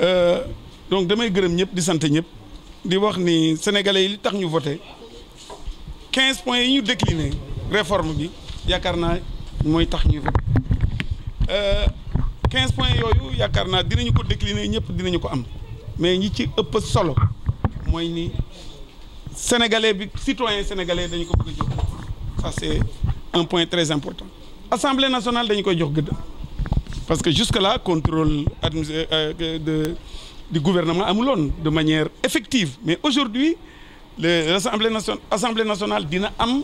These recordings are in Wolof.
Euh, donc damay gërëm ñëpp di sant ñëpp di wax ni sénégalais yi li tax ñu voté quinze points yi ñu décliné réforme bi yaakaar naa mooy tax ñuy voté euh, quinze points yooyu yaakaar naa dinañu ko décliné ñëpp dinañu ko am mais ñi ci ëpp solo mooy ni sénégalais bi citoyen sénégalais dañu ko bëgg a jox ça un point très important assemblée nationale dañu koy jox gëdd parce que jusque là contrôle euh, euh, de du gouvernement amuloon de manière effective mais aujourd'hui le l'assemblée nationale assemblée nationale dina am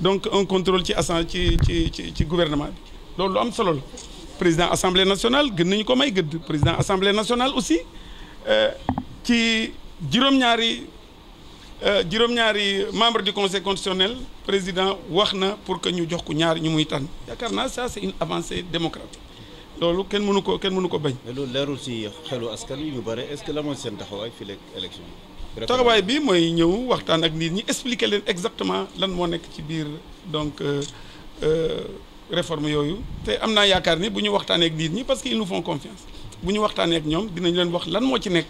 donc un contrôle ci assan ci ci ci ci gouvernement bi loolu am solo président assemblée nationale gën nañu ko may gëdd président assemblée nationale aussi euh, ci juróom-ñaari juróom-ñaari membre du conseil constitutionnel président wax na pour que ñu jox ko ñaar ñu muy tànn yaakaar naa ça c'est une avancée démocratique loolu kenn mënu ko kenn mënu ko bañ. mais leerul ci xelu askan wi ñu bare est-ce que la mooy seen taxawaay fii léegi élection bi. mooy ñëw waxtaan ak nit ñi expliquer leen exactement lan moo nekk ci biir donc euh, euh, réforme yooyu te am naa yaakaar ni bu ñu waxtaanee ak nit ñi parce que ils nous font confiance bu ñu waxtaanee ak ñoom dinañ leen wax lan moo ci nekk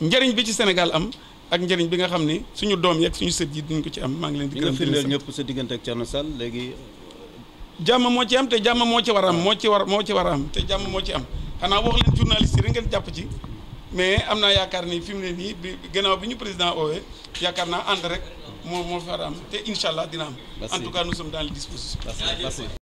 njëriñ bi ci Sénégal am. ak njëriñ bi nga xam ni suñu doom yi ak suñu sët yi ko ci am maa ngi leen di gërëm di leen sant ñëpp sa diggante ak Thierno léegi jàmm moo ci am te jàmm moo ci war a moo ci war moo ci war am te jàmm moo ci am xanaa wax leen journaliste yi rek ngeen jàpp ci mais am naa yaakaar ni fi mu ne nii bi gannaaw bi ñu président oowee yaakaar naa ànd rek moo moo fi war a am te incha allah dina am en tout cas nous sommes dans les dispositions